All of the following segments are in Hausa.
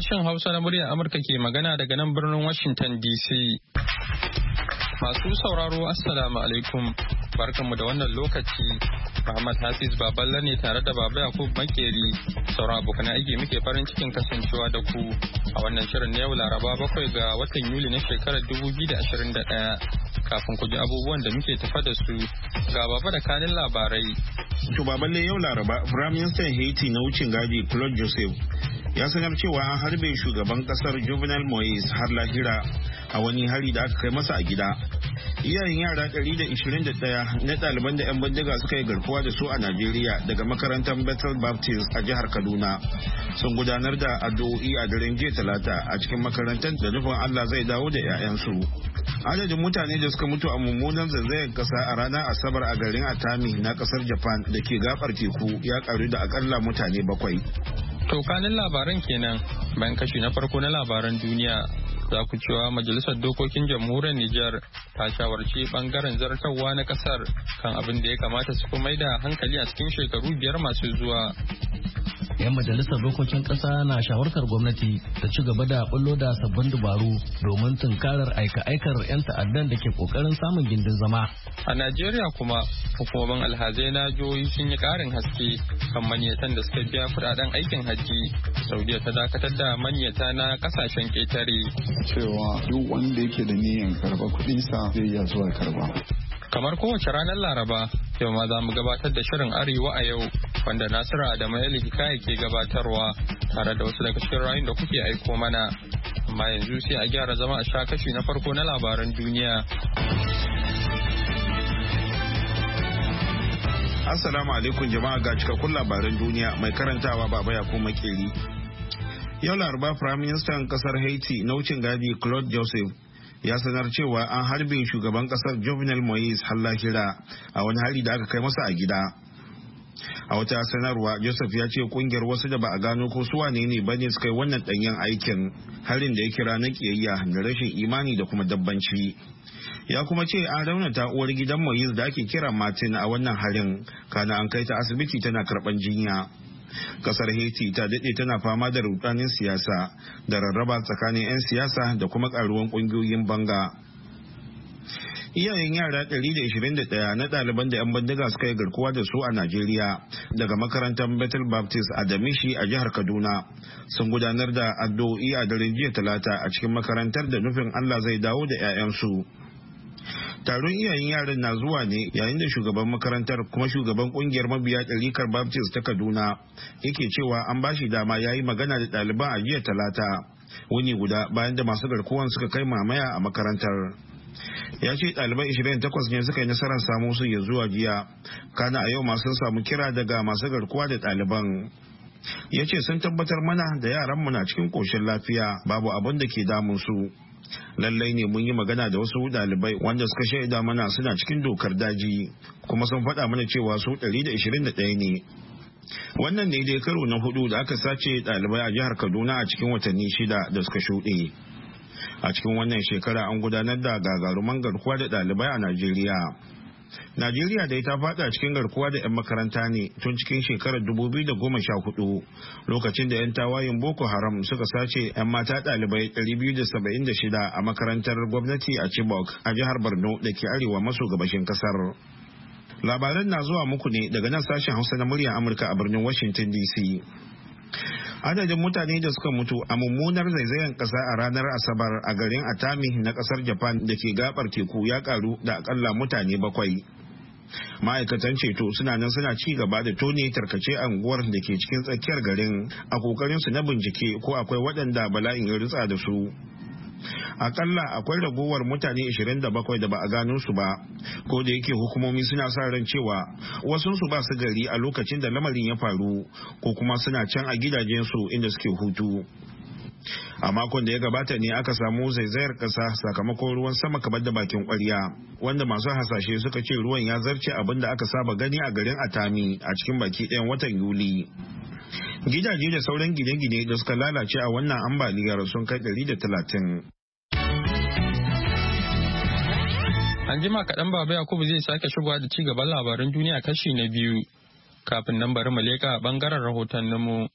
Sashen Hausa na muryar Amurka ke magana daga nan birnin Washington DC. Masu sauraro Assalamu alaikum barkanmu da wannan lokaci. Muhammad Hafiz Baballa ne tare da Baba Yakub Makeri. Sauran abokan aiki muke farin cikin kasancewa da ku a wannan shirin na yau Laraba bakwai ga watan Yuli na shekarar 2021. Kafin ku ji abubuwan da muke tafa da su ga Baba da kanin labarai. To yau Laraba, Prime Haiti na wucin gadi Claude Joseph ya sanar cewa harbe shugaban kasar juvenile moyes har lahira a wani hari da aka kai masa a gida iyayen yara 121 na ɗaliban da 'yan bindiga suka yi garkuwa da su a najeriya daga makarantar bethel baptist a jihar kaduna sun gudanar da addu'o'i a daren jiya talata a cikin makarantar da nufin allah zai dawo da 'ya'yansu adadin mutane da suka mutu a mummunan zazzayar kasa a ranar asabar a garin atami na kasar japan da ke gabar teku ya karu da akalla mutane bakwai To kanin labaran kenan bayan kashi na farko na labaran duniya za ku cewa majalisar dokokin jamhuriyar Nijar ta shawarci bangaren zartarwa na kasar kan abin da ya kamata su mai da hankali a cikin shekaru biyar masu zuwa. 'yan majalisar dokokin ƙasa na shawartar gwamnati ta ci gaba da bullo da sabbin dabaru domin tunkarar aika-aikar 'yan ta'addan da ke kokarin samun gindin zama. A Najeriya kuma hukumomin alhazai na jihohi sun yi ƙarin haske kan manyatan da suka biya kuɗaɗen aikin hajji. Saudiya ta dakatar da manyata na ƙasashen ƙetare. Cewa duk wanda yake da niyyar karɓa kuɗinsa zai iya zuwa karɓa. Kamar kowace ranar Laraba, yau ma za mu gabatar da shirin Arewa a yau, wanda Nasiru da Mayali Hikaya ke gabatarwa tare da wasu daga cikin rayun da kuke aiko mana. Amma yanzu sai a gyara zama a sha kashi na farko na labaran duniya. Assalamu alaikum jama'a ga cikakkun labaran duniya mai karantawa baba ya kuma makeri. Yau laraba Prime Minister kasar Haiti na wucin gadi Claude Joseph ya sanar cewa an harbe shugaban kasar Juvenile moise hallahira a wani hari da aka kai masa a gida a wata sanarwa joseph ya ce kungiyar wasu da ba a gano ko su ne ne bane su kai wannan danyen aikin harin da ya kira na kiyayya da rashin imani da kuma dabbanci ya kuma ce an raunata uwar gidan moise da ake kira martin a wannan harin kana an kai ta asibiti tana karban jinya kasar haiti ta daɗe tana fama da rudanin siyasa da rarraba tsakanin 'yan siyasa da kuma karuwan ƙungiyoyin banga iyayen yara 121 na ɗaliban da 'yan bindiga suka yi garkuwa da su a Najeriya daga makarantar Bethel Baptist a Damishi a jihar Kaduna sun gudanar da addu'o'i a daren jiya talata a cikin makarantar da nufin Allah zai dawo da 'ya'yansu. taron iyayen yaran na zuwa ne yayin da shugaban makarantar kuma shugaban kungiyar mabiya ɗarikar baptist ta kaduna yake cewa an bashi dama ya yi magana da ɗaliban a jiya talata wuni guda bayan da masu garkuwan suka kai mamaya a makarantar ya ce ɗalibai 28 ne suka yi nasarar samu su ya zuwa jiya kana a yau masu samu kira daga masu garkuwa da ɗaliban ya ce sun tabbatar mana da yaran mu na cikin ƙoshin lafiya babu abin da ke damun su lallai ne mun yi magana da wasu dalibai wanda suka shaida mana suna cikin dokar daji kuma sun faɗa mana cewa su 121 ne wannan ne dai karo na hudu da aka sace dalibai a jihar kaduna a cikin watanni shida da suka shuɗe a cikin wannan shekara an gudanar da gagaruman garkuwa da dalibai a najeriya Najeriya dai ta fada cikin garkuwa da 'yan makaranta ne tun cikin shekarar 2014 lokacin da 'yan tawayin Boko Haram suka sace 'yan mata ɗalibai 276 a makarantar gwamnati a Chibok a jihar Borno da ke arewa maso gabashin kasar. Labaran na zuwa muku ne daga nan sashen Hausa na murya Amurka a birnin Washington DC. adadin mutane da suka mutu a mummunar zaizayen kasa a ranar asabar a garin atami na kasar japan da ke gabar teku ya karu da akalla mutane bakwai ma'aikatan ceto suna nan suna ci gaba da tone tarkace unguwar da ke cikin tsakiyar garin a kokarin su na bincike ko akwai waɗanda bala'in ya ritsa da su akalla akwai ragowar mutane 27 da ba a gano su ba ko da yake hukumomi suna sa ran cewa wasu su ba su gari a lokacin da lamarin ya faru ko kuma suna can a gidajen su inda suke hutu a makon da ya gabata ne aka samu zaizayar kasa sakamakon ruwan sama kamar da bakin kwarya wanda masu hasashe suka ce ruwan ya zarce abin da aka saba gani a garin atami a cikin baki ɗayan watan yuli gidaje da sauran gine-gine da suka lalace a wannan ambaliyar sun kai 130 an jima kaɗan baba yakubu zai sake shigowa da ci gaban labarin duniya kashi na biyu kafin nan bari mu leƙa ɓangaren rahotanninmu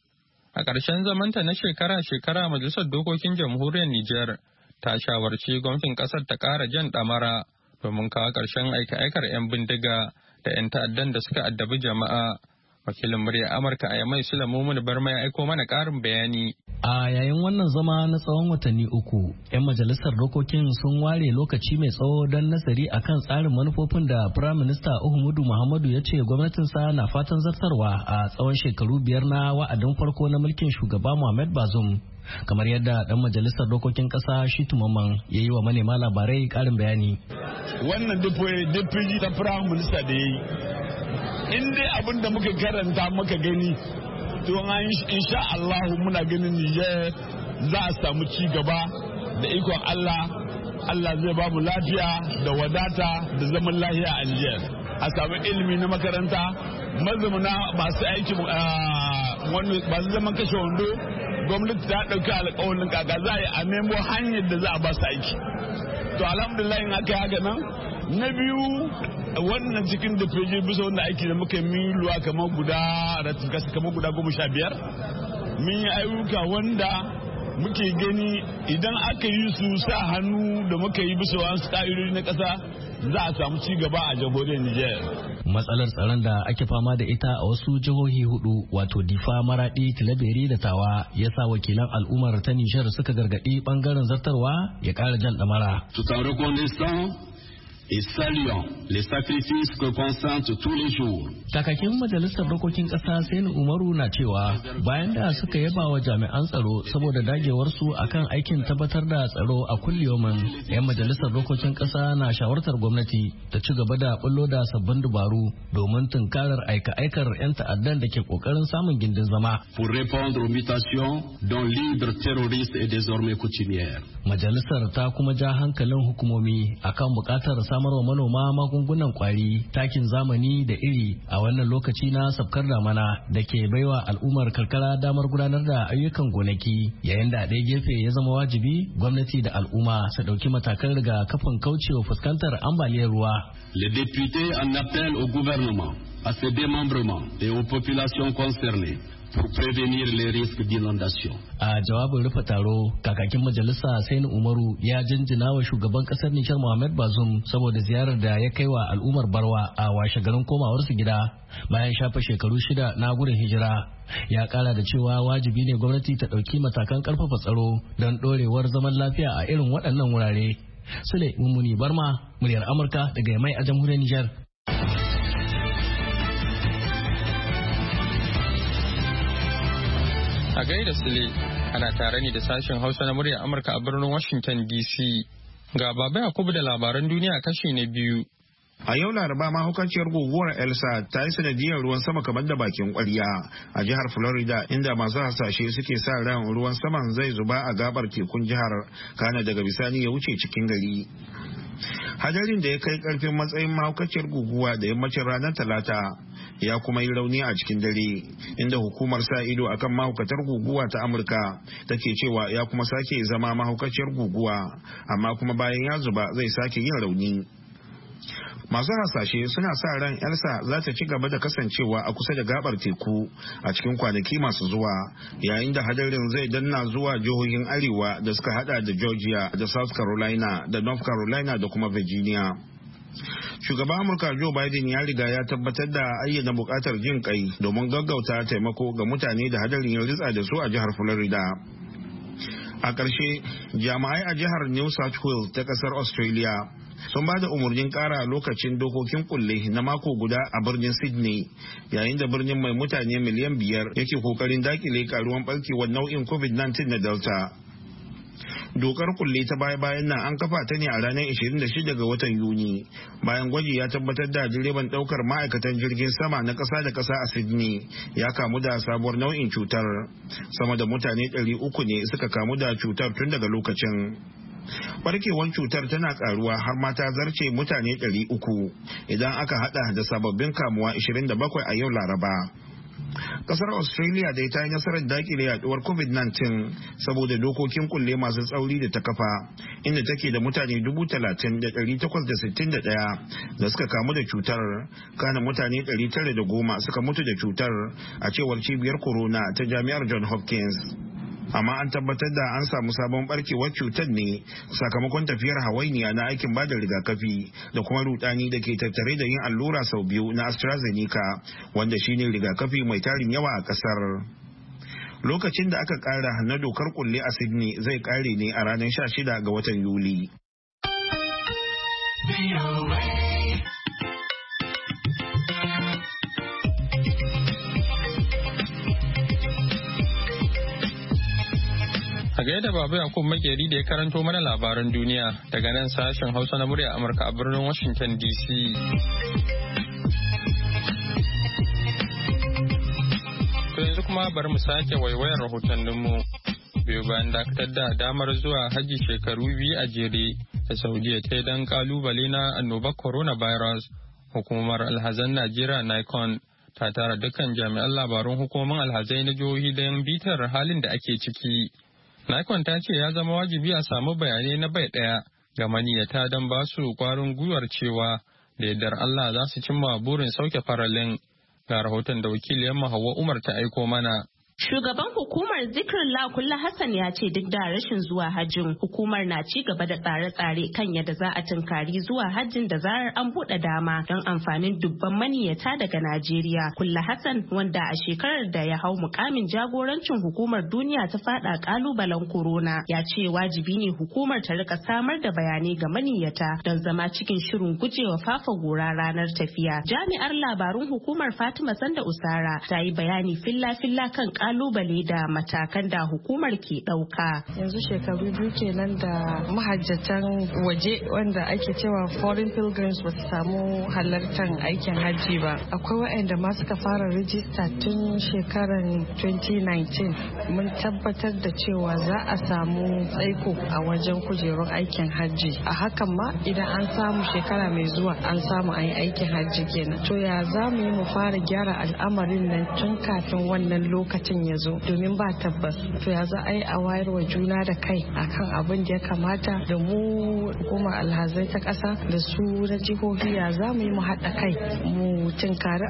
a ƙarshen zamanta na shekara-shekara majalisar dokokin jamhuriyar nijar ta shawarci gwamnatin ƙasar ta ƙara jan ɗamara domin kawo ƙarshen aika-aikar 'yan bindiga da 'yan ta'addan da suka addabi jama'a wakilin murya amurka a yamai sula mumun barma ya aiko mana karin bayani a yayin wannan zama na tsawon watanni uku 'yan majalisar dokokin sun ware lokaci mai tsawo don nasari akan tsarin manufofin da Prime Minister uhumudu muhammadu ya ce gwamnatinsa na fatan zartarwa a tsawon shekaru biyar na wa'adin farko na mulkin shugaba muhammad bazum kamar yadda dan majalisar dokokin kasa shi tumaman ya yi wa manema labarai karin bayani wannan dufuri ta Prime Minister da ya yi in dai abin da muka karanta muka gani to insha Allah muna ganin Nijar za a samu ci gaba da ikon Allah Allah zai ba mu lafiya da wadata da zaman lafiya a Nijar a samu ilimi na makaranta mazumuna masu aiki ah, masu zaman kashe wando gwamnati ta ɗauki alƙawarin kaka za yi a nemo hanyar da za a ba su aiki to alhamdulillah in aka yi haka nan na biyu wannan cikin da feje bisa wanda aiki da muka yi luwa kamar guda ratifikasi kamar guda goma sha biyar mun yi ayyuka wanda muke gani idan aka yi su sa hannu da muka yi bisa su ka'idodi na ƙasa za a samu ci gaba a jagorin nijar matsalar tsaron da ake fama da ita a wasu jihohi hudu wato difa maradi tilaberi da tawa ya sa wakilan al'ummar ta nishar suka gargaɗi bangaren zartarwa ya kara jan ɗamara. et saluant les sacrifices que consentent tous les jours. Takakin Majalisar Dokokin Ƙasa Sani Umaru na cewa bayan da suka yaba wa jami'an tsaro saboda dagewar su akan aikin tabbatar da tsaro a kulliyomin, 'yan Majalisar Dokokin Ƙasa na shawartar gwamnati ta ci gaba da bullo da sabbin dubaru domin tunkarar aika-aikar 'yan ta'addan da ke kokarin samun gindin zama. Pour répondre aux mutations dont l'hydre terroriste est désormais coutumière. Majalisar ta kuma ja hankalin hukumomi akan bukatar wa manoma magungunan kwari takin zamani da iri a wannan lokaci na sabkar damana da ke baiwa al'ummar karkara damar gudanar da ayyukan gonaki yayin da ɗaya gefe ya zama wajibi gwamnati da al'umma su ɗauki matakan riga kafin kaucewa fuskantar ambaliyar ruwa. Le député en appel au gouvernement, à ses démembrements et aux populations concernées pour prévenir les risques d'inondation. A jawabin rufe taro, kakakin majalisa Sainu Umaru ya jinjina wa shugaban kasar Nijar Muhammad Bazum saboda ziyarar da ya kai wa al'ummar Barwa a washe garin komawarsu gida bayan shafa shekaru shida na gudun hijira. Ya kara da cewa wajibi ne gwamnati ta ɗauki matakan ƙarfafa tsaro don ɗorewar zaman lafiya a irin waɗannan wurare. Sule Mummuni Barma, muryar Amurka daga Yamai a jamhuriyar Nijar. A gaida Sule, ana tare ne da sashen Hausa na murya Amurka a birnin Washington DC. Ga Baba Yakubu da labaran duniya kashi na biyu. A yau Laraba mahaukaciyar guguwar Elsa ta yi sanadiyar ruwan sama kamar da bakin kwarya a jihar Florida inda masu hasashe suke sa ran ruwan saman zai zuba a gabar tekun jihar kana daga bisani ya wuce cikin gari. Hadarin da ya kai karfin matsayin mahaukaciyar guguwa da yammacin ranar Talata ya kuma yi rauni a cikin dare inda hukumar sa ido akan mahaukatar guguwa ta amurka take cewa ya kuma sake zama mahaukaciyar guguwa amma kuma bayan ya zuba zai sake yin rauni masu hasashe suna sa ran elsa za ta ci gaba da kasancewa a kusa da gabar teku a cikin kwanaki masu zuwa yayin da hadarin zai danna zuwa jihohin arewa da suka hada da georgia da south carolina da north carolina da kuma virginia shugaban amurka joe biden ya riga ya tabbatar da ayyana buƙatar jin ƙai domin gaggauta taimako ga mutane da hadarin ya ritsa da su a jihar florida a ƙarshe jami'ai a jihar new south wales ta ƙasar australia sun ba da umarnin ƙara lokacin dokokin kulle na mako guda a birnin sydney yayin da birnin mai mutane miliyan biyar yake kokarin dakile karuwan ɓarkewar nau'in covid-19 na delta dokar kulle ta baya-bayan nan an kafa ta ne a ranar 26 ga watan yuni bayan gwaji ya tabbatar da direban daukar ma'aikatan jirgin sama na kasa da kasa a sydney ya kamu da sabuwar nau'in cutar sama da mutane 300 ne suka kamu da cutar tun daga lokacin barkewar cutar tana karuwa har ma ta zarce mutane 300 idan aka hada da sababbin kamuwa 27 a yau laraba kasar australia dai ta yi nasarar dakile yaduwar covid-19 saboda dokokin kulle masu tsauri da ta kafa inda take da mutane 30,861 da suka kamu da cutar kana mutane 910 suka mutu da cutar a cewar cibiyar corona ta jami'ar john hopkins amma an tabbatar da an samu sabon barkewar cutar ne sakamakon tafiyar hawainiya na aikin bada rigakafi da kuma rudani da ke tattare da yin allura sau biyu na AstraZeneca wanda shine rigakafi mai tarin yawa a kasar. Lokacin da aka kara na dokar kulle a Sydney zai kare ne a ranar 16 ga watan Yuli. da Baba Yakub Makeri da ya karanto mana labaran duniya daga nan sashen Hausa na murya Amurka a birnin Washington DC. To yanzu kuma bari mu sake waiwayar rahotanninmu. Biyu bayan dakatar da damar zuwa haji shekaru biyu a jere da Saudiya ta yi dan kalubale na annobar coronavirus. Hukumar alhazan Najeriya Nikon ta tara dukkan jami'an labarun hukumomin alhazai na jihohi don bitar halin da ake ciki. Nikon ta ce ya zama wajibi a samu bayanai na bai ɗaya ga maniyyata don ba su ƙwarin gwiwar cewa da yardar Allah za su cimma burin sauke faralin. Ga rahoton da wakiliyar Hauwa Umar ta aiko mana. Shugaban hukumar Zikrillah Kulla Hassan ya ce duk da rashin zuwa hajjin hukumar na ci gaba da tsare-tsare kan yadda za a tunkari zuwa hajjin da zarar an buɗe dama don amfanin dubban maniyata daga Najeriya. Kulla Hassan wanda a shekarar da ya hau mukamin jagorancin hukumar duniya ta fada kalubalen korona, ya ce wajibi ne hukumar ta rika samar da bayanai ga maniyata don zama cikin shirin gujewa fafa gora ranar tafiya. Jami'ar labarun hukumar Fatima Sanda Usara ta yi bayani filla-filla kan kalubale da matakan da hukumar ke ɗauka. Yanzu shekaru biyu kenan da mahajjatan waje wanda ake cewa foreign pilgrims ba su samu halartar aikin hajji ba. Akwai waɗanda ma suka fara rijista tun shekarar 2019 mun tabbatar da cewa za a samu tsaiko a wajen kujerun aikin hajji. A hakan ma idan an samu shekara mai zuwa an samu an yi aikin hajji kenan. To ya za mu yi mu fara gyara al'amarin nan tun kafin wannan lokacin mutum ya zo domin ba tabbas to ya za a yi a wayarwa juna da kai akan abin da ya kamata da mu hukumar alhazai ta ƙasa da su na jihohi ya za mu yi mu haɗa kai mu tunkari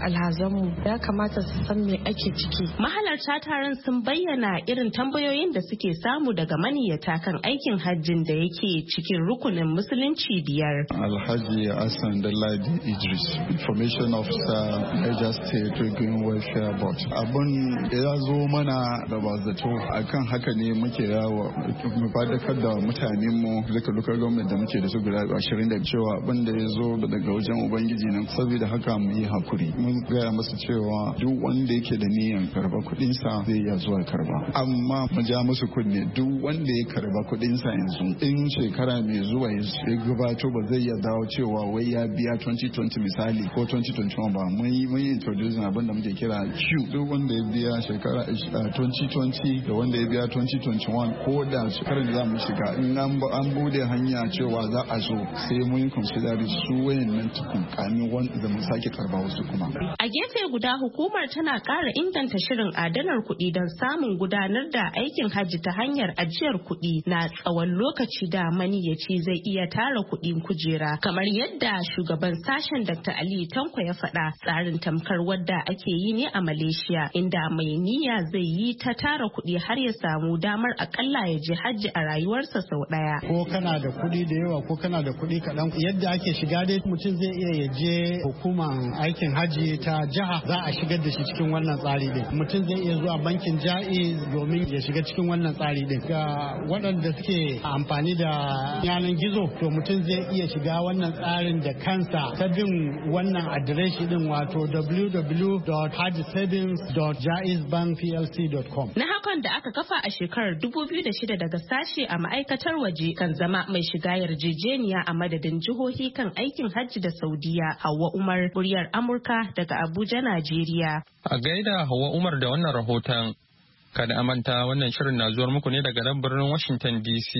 mu ya kamata su san me ake ciki. Mahalarta taron sun bayyana irin tambayoyin da suke samu daga maniyyata kan aikin hajjin da yake cikin rukunin musulunci biyar. Alhaji Hassan Dalladi Idris, Information Officer, major State Regain Welfare Board. Abun ya zo zo mana da ba zato akan haka ne muke yawo mu fadakar da mutanen mu zaka local gwamnati da muke da su guda 20 da cewa abin da ya zo daga wajen ubangiji nan saboda haka mu yi hakuri mun gaya masa cewa duk wanda yake da niyan karba kuɗin sa zai iya zuwa karba amma mu ja musu kunne duk wanda ya karba kuɗin sa yanzu in shekara mai zuwa ya gabato ba zai iya dawo cewa wai ya biya 2020 misali ko 2021 ba mun yi introduce yi abin da muke kira Q duk wanda ya biya shekara 2020 da wanda ya biya 2021 ko da shekarar za mu shiga in an bude hanya cewa za a zo sai mun yi consider su wayannan tukun kani wanda da mun sake karba wasu kuma. A gefe guda hukumar tana ƙara inganta shirin adanar kuɗi don samun gudanar da aikin hajji ta hanyar ajiyar kuɗi na tsawon lokaci da maniyaci zai iya tara kuɗin kujera kamar yadda shugaban sashen Dr. Ali Tanko ya faɗa tsarin tamkar wadda ake yi ne a Malaysia inda mai niyya Najeriya zai yi ta tara kuɗi har ya samu damar akalla ya je hajji a rayuwarsa sau ɗaya. Ko kana da kuɗi da yawa ko kana da kuɗi kaɗan yadda ake shiga dai mutum zai iya ya je hukumar aikin hajji ta jiha za a shigar da shi cikin wannan tsari din. Mutum zai iya zuwa bankin ja'i domin ya shiga cikin wannan tsari din. Ga waɗanda suke amfani da yanan gizo to mutum zai iya shiga wannan tsarin da kansa ta bin wannan adireshi din wato www.hajjisavings.jaisbank plc.com. Na hakan da aka kafa a shekarar 2006 daga sashe a ma'aikatar waje kan zama mai shiga yarjejeniya a madadin jihohi kan aikin hajji da Saudiya Hauwa Umar muryar Amurka daga Abuja, Najeriya. A gaida Hauwa Umar da wannan rahoton. Kada a wannan shirin na zuwar muku ne daga nan birnin Washington DC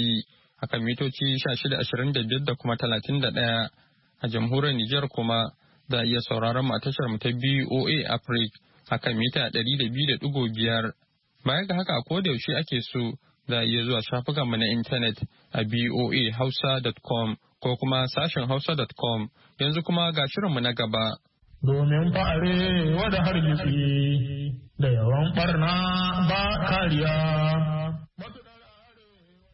akan mitoci 1625 da kuma 31 a jamhuriyar Nijar kuma za a iya sauraron mu a tashar mu ta BOA Africa akan mita ɗari da da biyu ɗigo 200.5 baya ga haka ko da yaushe ake so za a iya zuwa shafukanmu na intanet a hausa boahausa.com ko kuma sashen hausa.com yanzu kuma ga shirinmu na gaba. Domin fa'are wada hargitsi da yawan barna ba kariya.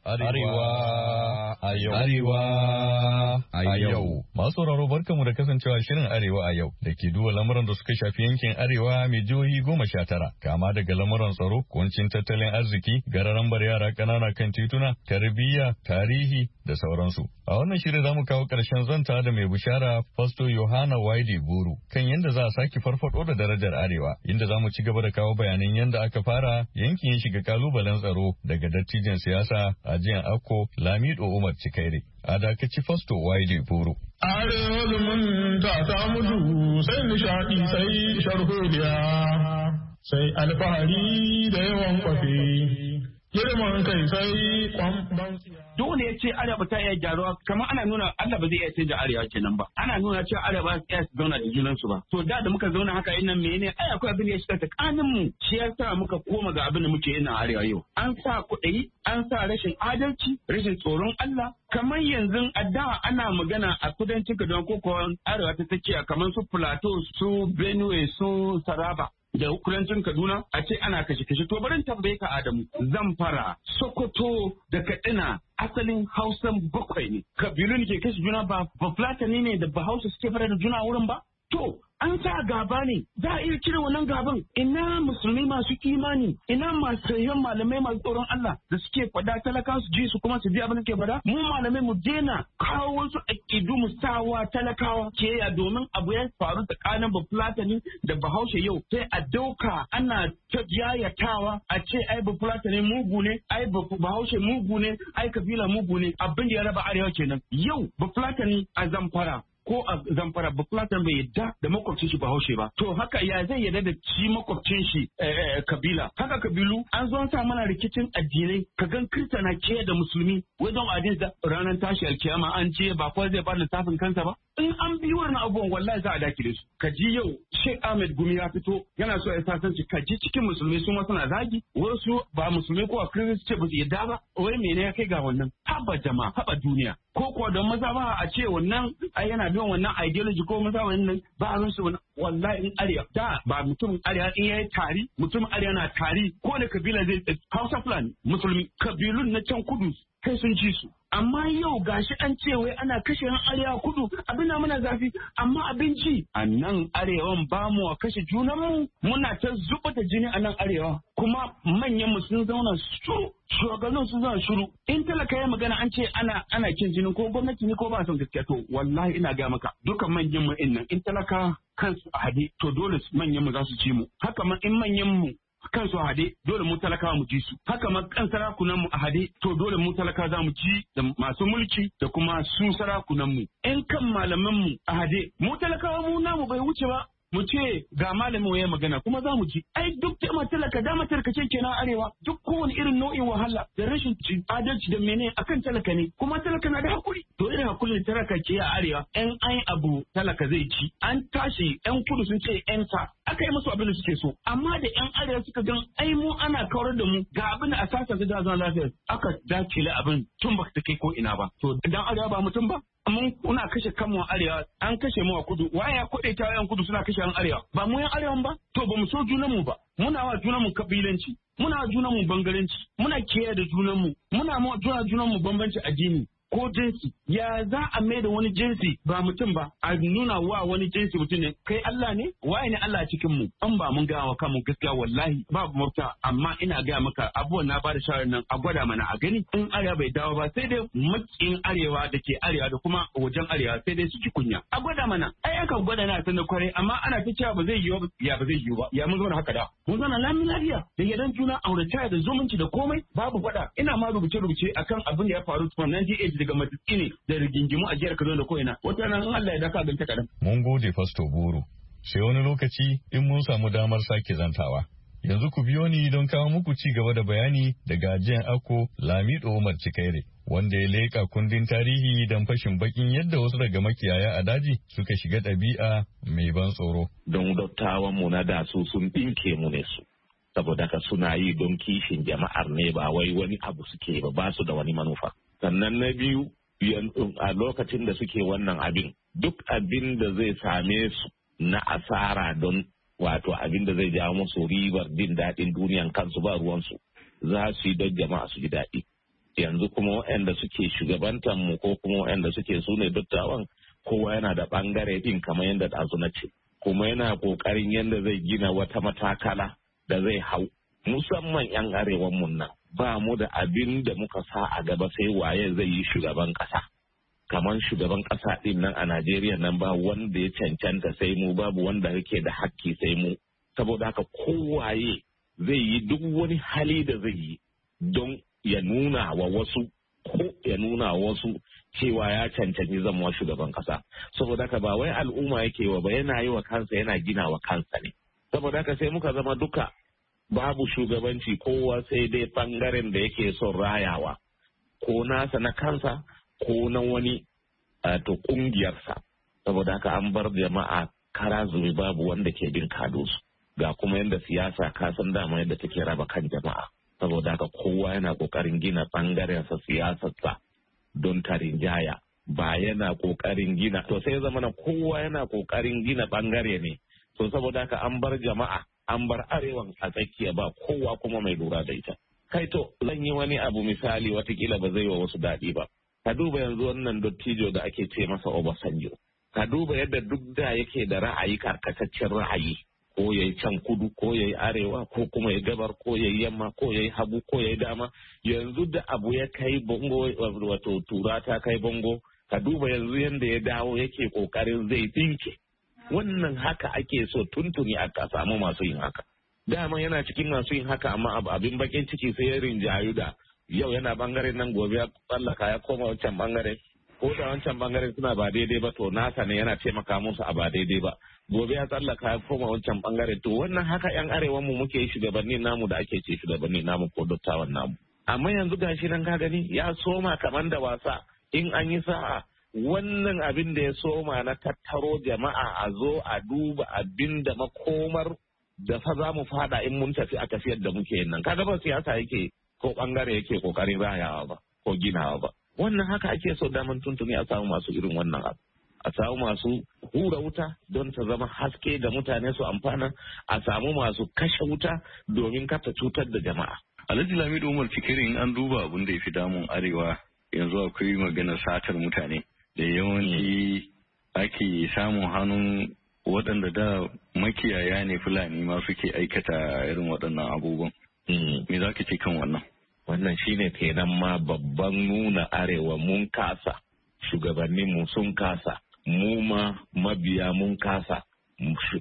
Arewa. Arewa a yau. Masu sauraro barkanmu da kasancewa shirin Arewa a yau da ke duba lamuran da suka shafi yankin Arewa mai jihohi goma sha tara. Kama daga lamuran tsaro, kuncin tattalin arziki, gararan bar yara ƙanana kan tituna, tarbiyya, tarihi da sauransu. A wannan shirin za mu kawo ƙarshen zanta da mai bishara Fasto Yohana Waide Buru kan yadda za a sake farfaɗo da darajar Arewa, inda za mu ci gaba da kawo bayanan yadda aka fara yankin shiga kalubalen tsaro daga dattijan siyasa a jiyan Akko Lamido Umar Ahmad Cikaire a Fasto Waide buru. Arewa zumunta ta mutu sai nishaɗi sai sharhodiya sai alfahari da yawan kwafi. Dole ya ce Arewa ta iya gyaruwa kamar ana nuna Allah ba zai iya canja Arewa kenan ba. Ana nuna cewa Arewa ba iya zauna da su ba. To da da muka zauna haka yin nan mene ai akwai abin da ya shiga tsakanin mu shi yasa muka koma ga abin da muke yin Arewa yau. An sa kuɗi, an sa rashin adalci, rashin tsoron Allah, kamar yanzu a da ana magana a kudancin Kaduna ko kuwa arewa ta tsakiya kamar su Plateau, su Benue, su Saraba. da kudancin Kaduna a ce ana kashe-kashe to barin tambaye ka Adamu zan fara Sokoto da Katsina asalin Hausan bakwai ne kabilun ke kashe juna ba ba Fulatani ne da Bahausa suke fara da juna wurin ba to an sa gaba ne za a iya cire wannan gaban ina musulmi masu imani ina masu yin malamai masu tsoron Allah da suke fada talaka su ji su kuma su bi abin da ke fada mu malamai mu daina kawo wasu akidu mu sawa talakawa ke ya domin abu ya faru tsakanin bafulatani da bahaushe yau sai a dauka ana ta yayatawa a ce ai bafulatani mugu ne ai bahaushe mugu ne ai kabila mugu ne abin da ya raba arewa kenan yau bafulatani a zamfara ko a zamfara ba fulatan bai yadda da makwabcin shi bahaushe ba to haka ya zai yadda da ci makwabcin shi eh, eh, kabila haka kabilu an zo sa mana rikicin addinai ka gan kirista na ke da musulmi don addini da ranar tashi alkiyama an ce ba kowa zai ba lissafin kansa ba in an bi wannan abubuwan wallahi za a dakile su ka ji yau Sheikh Ahmed Gumi ya fito yana so ya sasanci ka ji cikin musulmi sun wasu na zagi wasu ba musulmi ko a kirista ce ba su yadda ba wai mene ya kai ga wannan haba jama'a haba duniya ko kuwa don maza ba a ce wannan ai yana bi kan wannan ideology ko mun samu nan ba abin su wallahi in arewa da ba mutum arewa in yayi tari mutum arewa na tari ko da kabila zai Hausa Fulani musulmi kabilun na can kudu kai sun ci su amma yau gashi an ce wai ana kashe yan arewa kudu abin na muna zafi amma abinci a nan arewan ba mu a kashe junanmu muna ta zuba da jini a nan arewa kuma manyan mu sun zauna su shugabannin sun zauna shiru in talaka ya magana an ce ana ana kin jini ko gwamnati ne ko ba son gaskiya to wallahi ina ga maka dukan manyan mu nan in talaka kansu a hade to dole manyan mu za su ci mu haka ma in manyan mu kansu a hade dole mu talakawa mu ji su haka ma kan sarakunan mu a hade to dole mu talaka za mu ji da masu mulki da kuma su sarakunan mu ƴan kan malaman mu a hade mu talakawa mu namu bai wuce ba mu ce ga malamin ya magana kuma za mu ji ai duk tema talaka dama talaka ce kenan arewa duk kowane irin nau'in wahala da rashin adalci da mene akan talaka ne kuma talaka na da hakuri to irin hakurin talaka ke a arewa yan ai abu talaka zai ci an tashi yan kudu sun ce yan sa aka yi musu abin da suke so amma da yan arewa suka gan ai mu ana kawar da mu ga abin da a sasa da zan lafiya aka dakile abin tun ba ta kai ko ina ba to dan arewa ba mutum ba mun kuna kashe kanmu a arewa an kashe mu a kudu waye ya kuɗe ta yan kudu suna kashe an arewa ba mu yan arewa ba to ba mu so junanmu ba muna wa junanmu kabilanci muna wa junanmu bangaranci muna kiyaye da junanmu muna wa junanmu bambanci addini ko jinsi ya za a mai da wani jinsi ba mutum ba a nuna wa wani jinsi mutum ne kai Allah ne waye ne Allah cikin mu an ba mun gawa kanmu gaskiya wallahi babu mafita amma ina gaya maka abubuwan na bada shawarar nan a gwada mana a gani in arewa bai dawo ba sai dai makin arewa da ke arewa da kuma wajen arewa sai dai su ji kunya a gwada mana ai aka gwada na sanar kwarai amma ana ta cewa ba zai yiwu ya ba zai yiwu ba ya mun na haka da mun na lamin lafiya da yadan juna aurata da zumunci da komai babu gwada ina ma rubuce rubuce akan abin da ya faru 1998 daga matuƙi ne da rigingimu a jihar Kaduna da ko'ina wata nan Allah ya daka ganta kadan. Mun gode Fasto Buru. Sai wani lokaci in mun samu damar sake zantawa. Yanzu ku biyo ni don kawo muku ci gaba da bayani daga ajiyan Ako Lamido Umar Cikaire. wanda ya leƙa kundin tarihi don fashin bakin yadda wasu daga makiyaya a daji suka shiga ɗabi'a mai ban tsoro. Don dattawan mu na da su sun ɗinke mu ne su. Saboda ka suna yi don kishin jama'ar ne ba wai wani abu suke ba ba su da wani manufa. sannan na biyu a lokacin da suke wannan abin duk abin da zai same su na asara don wato abin da zai ja musu ribar jin daɗin duniyan kansu ba ruwansu za su yi don jama'a su ji daɗi yanzu kuma waɗanda suke shugabantan mu ko kuma waɗanda suke su ne dattawan kowa yana da ɓangare din kamar yadda ɗazu na ce kuma yana ƙoƙarin yadda zai gina wata matakala da zai hau musamman 'yan arewan mun nan ba mu da abin da muka sa a gaba sai waye zai yi shugaban ƙasa. kamar shugaban ƙasa ɗin nan a Najeriya nan ba wanda ya cancanta sai mu babu wanda yake da hakki sai mu saboda haka kowaye zai yi duk wani hali da zai yi don ya nuna wa wasu ko ya nuna wa wasu cewa ya cancanci zama shugaban ƙasa saboda haka ba wai al'umma yake wa ba yana yi wa kansa yana gina wa kansa ne saboda haka sai muka zama duka babu shugabanci kowa sai dai bangaren da yake son rayawa ko nasa na kansa ko na wani to kungiyarsa saboda haka an bar jama'a kara babu wanda ke bin kadosu ga kuma yadda siyasa ka san dama yadda take raba kan jama'a saboda haka kowa yana kokarin gina bangarensa siyasarsa don tarin jaya. ba yana kokarin gina to sai zamana kowa yana kokarin gina bangare ne to saboda haka an bar jama'a an bar arewan a tsakiya ba kowa kuma mai lura da ita kai to zan yi wani abu misali watakila ba zai wa wasu daɗi ba ka duba yanzu wannan dottijo da ake ce masa obasanjo ka duba yadda duk da yake da ra'ayi karkataccen ra'ayi ko ya yi can kudu ko ya yi arewa ko kuma ya gabar ko ya yi yamma ko ya yi hagu ko ya yi dama yanzu da abu ya kai bongo wato tura ta kai bongo ka duba yanzu yadda ya dawo yake kokarin zai tsinke wannan haka ake so tuntuni a samu masu yin haka dama yana cikin masu yin haka amma abin bakin ciki sai ya rinjayu da yau yana bangaren nan gobe ya tsallaka ya koma wancan bangaren ko da wancan bangaren suna ba daidai ba to nasa ne yana taimaka musu a ba daidai ba gobe ya tsallaka ya koma wancan bangaren to wannan haka yan arewan mu muke shugabanni namu da ake ce shugabanni namu ko dattawan namu amma yanzu gashi nan ka gani ya soma kamar da wasa in an yi sa'a wannan abin da ya soma na tattaro jama'a a zo a duba abin da makomar da fa za mu fada in mun tafi a tafiyar da muke yin nan kaga ba siyasa yake ko bangare yake kokarin rayawa ba ko ginawa ba wannan haka ake so daman tuntuni a samu masu irin wannan abu a samu masu hura wuta don ta zama haske da mutane su amfana a samu masu kashe wuta domin kata cutar da jama'a alhaji lamidu umar fikirin an duba abin da ya fi damun arewa yanzu akwai maganar satar mutane da yawanci ake samun hannun waɗanda da makiyaya ne fulani ma suke aikata irin waɗannan abubuwan. Mm. Me za ka ce kan wannan? Wannan shine kenan ma babban nuna arewa mun kasa, shugabanninmu sun kasa, mu ma mabiya mun kasa,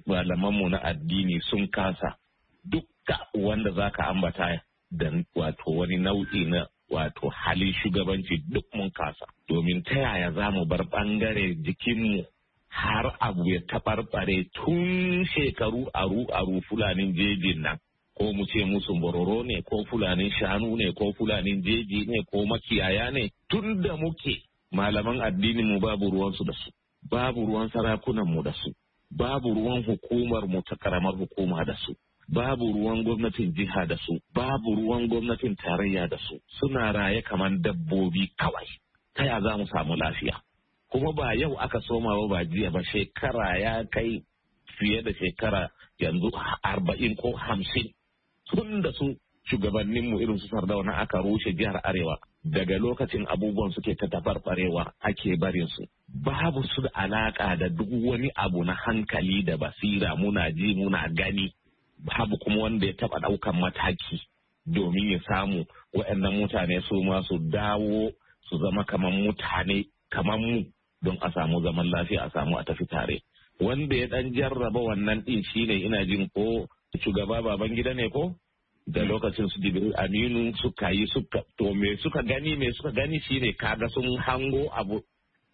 malamanmu na addini sun kasa. Duk wanda za ka ambata da wato wani nau'i na wato halin shugabanci duk mun kasa domin ta yaya za mu bar bangare jikinmu har abu ya taɓarɓare tun shekaru aru-aru fulanin jejin nan ko mu ce musu bororo ne ko fulanin shanu ne ko fulanin jeji ne ko makiyaya ne tun da muke malaman addinin mu babu ruwansu da su babu ruwan sarakunan mu da su babu ruwan hukumar mu ta karamar hukuma da su babu ruwan gwamnatin jiha da su babu ruwan gwamnatin tarayya da su suna raye kamar dabbobi kawai ta ya za mu samu lafiya kuma ba yau aka soma ba jiya ba shekara ya kai fiye da shekara yanzu arba'in ko hamsin tun da su shugabanninmu irin su sardauna aka rushe jihar arewa daga lokacin abubuwan suke ta tabarbarewa ake barin su babu su da alaƙa da duk wani abu na hankali da basira muna ji muna gani babu kuma wanda ya taɓa ɗaukan mataki domin ya samu waɗannan mutane su ma su dawo su zama kamar mutane kamar mu don a samu zaman lafiya a samu a tafi tare wanda ya dan jarraba wannan ɗin shine ina jin ko shugaba baban gida ne ko da lokacin su dibi aminu suka yi suka to me suka gani me suka gani shine kaga sun hango abu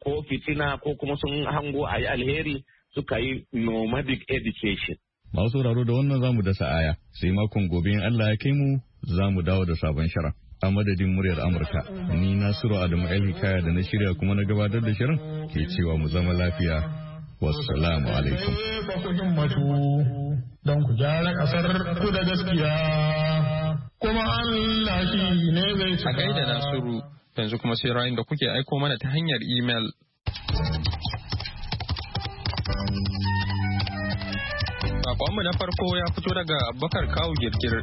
ko fitina ko kuma sun hango a yi alheri suka yi nomadic education Masu sauraro da wannan zamu dasa aya sai makon gobe in Allah ya kai mu zamu dawo da sabon shirin. A madadin muryar Amurka, ni Nasiru Adamu El Hikaya da na shirya kuma na gabatar da shirin ke cewa mu zama lafiya. Wassalamu alaikum. Don ku gyara ƙasar ku da gaskiya, kuma Allah shi ne zai A gaida Nasiru, yanzu kuma sai ra'ayin da kuke aiko mana ta hanyar imel. Bakonmu na farko ya fito daga Abubakar Kawu Girgir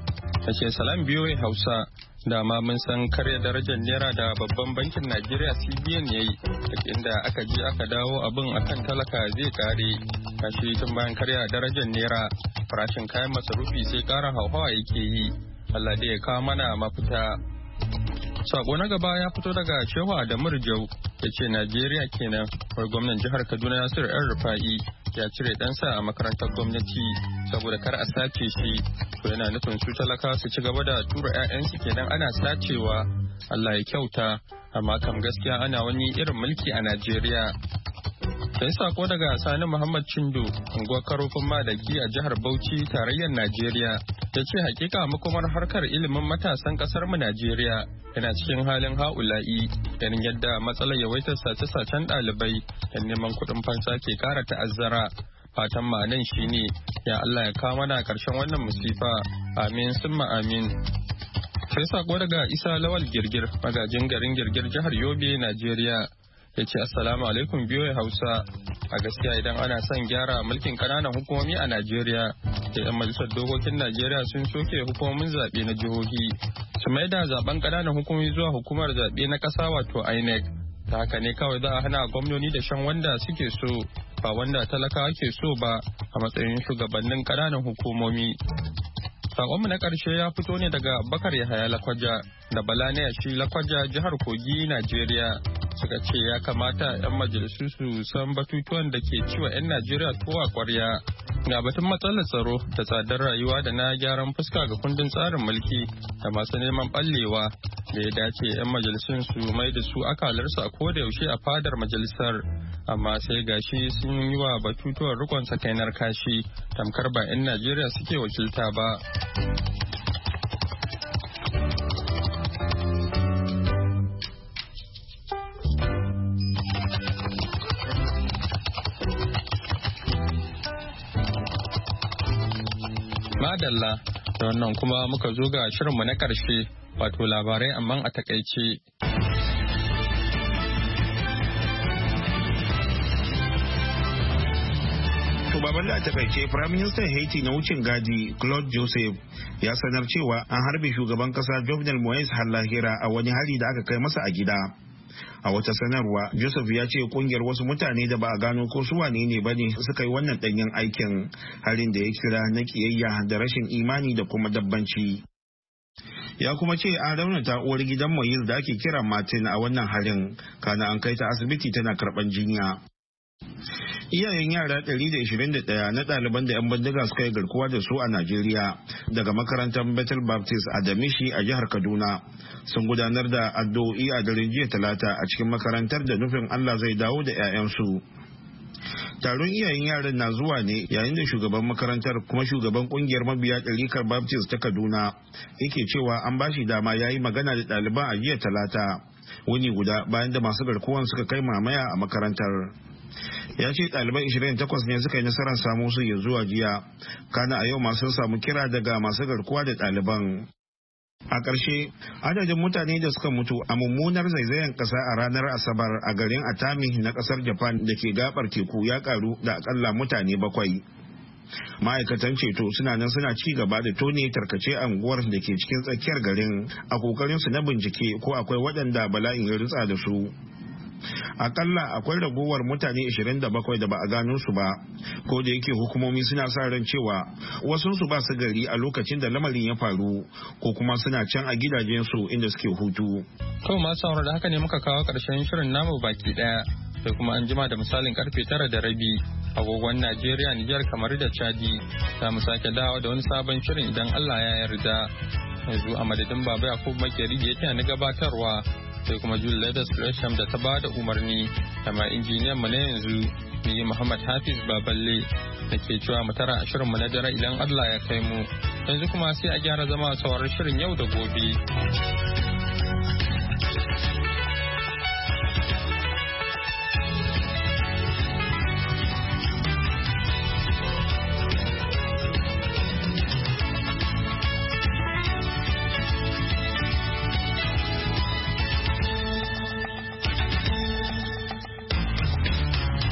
da ke salam ya Hausa dama mun san karya darajar naira da babban bankin Najeriya CBN ya yi inda aka je aka dawo abin akan talaka zai kare kashi tun bayan karya darajar naira farashin kayan masarufi sai kara hauhawa yake yi Allah da ya kawo mana mafita. Sako na gaba ya fito daga Shehu Adamu Rijau ya ce Najeriya kenan wai gwamnan jihar Kaduna Yasir 'yan Rufa'i ya cire ɗansa a makarantar gwamnati saboda kar a sace shi to yana nufin su talaka su ci gaba da tura 'ya'yansu kenan ana sacewa Allah ya kyauta amma kam gaskiya ana wani irin mulki a Najeriya Sai sako daga Sani Muhammad Chindo, unguwar karofin madaki a jihar Bauchi, tarayyar Najeriya, ta ce hakika makomar harkar ilimin matasan kasar mu Najeriya yana cikin halin ha'ula'i, ganin yadda matsalar yawaitar sace-sacen ɗalibai da neman kuɗin fansa ke ƙara ta'azzara. Fatan ma'anan shi shine, ya Allah ya kawo mana ƙarshen wannan musifa, amin summa amin. Sai sako daga Isa Lawal Girgir, magajin garin Girgir jihar Yobe, Najeriya. ya ce assalamu alaikum ya hausa a gaskiya idan ana son gyara mulkin kananan hukumomi a najeriya da yan majalisar dokokin najeriya sun soke hukumomin zaɓe na jihohi su mai da zaben kananan hukumomi zuwa hukumar zaɓe na ƙasa wato inec ta haka ne kawai za a hana gwamnoni da shan wanda suke so ba wanda talakawa ke so ba a matsayin shugabannin kananan hukumomi Sakonmu na ƙarshe ya fito ne daga Bakar Yahaya Lakwaja da Bala shi Lakwaja jihar Kogi, Najeriya. suka ce ya kamata 'yan majalisu su san batutuwan da ke ciwa 'yan Najeriya tuwa kwarya na batun matsalar tsaro da tsadar rayuwa da na gyaran fuska ga kundin tsarin mulki da masu neman ɓallewa da ya dace 'yan majalisun su mai da su akalarsu a ko da yaushe a fadar majalisar amma sai gashi sun yi wa batutuwan rikon sakainar kashi tamkar ba 'yan Najeriya suke wakilta ba. madalla da wannan kuma muka zo ga shirinmu na karshe wato labarai amma a takaice. shugaban da a takaice firaministan haiti na wucin gadi claude joseph ya sanar cewa an harbe shugaban kasa jovenel moise hallahira a wani hari da aka kai masa a gida a wata sanarwa Joseph ya ce kungiyar wasu mutane da ba a gano ko su wane ne bane suka yi wannan danyen aikin harin da ya kira na kiyayya da rashin imani da kuma dabbanci ya kuma ce an raunata uwar gidan mayil da ake kira martin a wannan harin kana an kai ta asibiti tana karban jinya iyayen yara 121 na ɗaliban da 'yan bindiga suka yi garkuwa da su a najeriya daga makarantar bethel baptist a damishi a jihar kaduna sun gudanar da addu'o'i a daren jiya talata a cikin makarantar da nufin allah zai dawo da 'ya'yansu taron iyayen yaran na zuwa ne yayin da shugaban makarantar kuma shugaban kungiyar mabiya ɗarikar baptist ta kaduna yake cewa an bashi dama ya yi magana da ɗaliban a jiya talata wuni guda bayan da masu garkuwan suka kai mamaya a makarantar ya ce ɗalibai 28 ne suka yi nasarar samu su ya zuwa jiya kana a yau masu samu kira daga masu garkuwa da ɗaliban a ƙarshe adadin mutane da suka mutu a mummunar zaizayen ƙasa a ranar asabar a garin atami na ƙasar japan da ke gabar teku ya ƙaru da aƙalla mutane bakwai ma'aikatan ceto suna nan suna ci gaba da tone tarkace anguwar da ke cikin tsakiyar garin a kokarin su na bincike ko akwai waɗanda bala'in ya rutsa da su akalla akwai ragowar mutane 27 da ba a gano su ba ko da yake hukumomi suna sa ran cewa wasu su ba su gari a lokacin da lamarin ya faru ko kuma suna can a gidajensu inda suke hutu to masu da haka ne muka kawo karshen shirin namu baki daya sai kuma an jima da misalin karfe tara da rabi agogon Najeriya Nijar kamar da Chadi za mu sake dawo da wani sabon shirin idan Allah ya yarda yanzu a madadin baba Yakubu Makeri da yake na gabatarwa sai kuma Jule Leathers Gresham da ta ba da umarni da injiniyan mu na yanzu ni Muhammad Hafiz Baballe da ke cewa mu tara shirin mu na dare idan Allah ya kai mu yanzu kuma sai a gyara zama sauran shirin yau da gobe.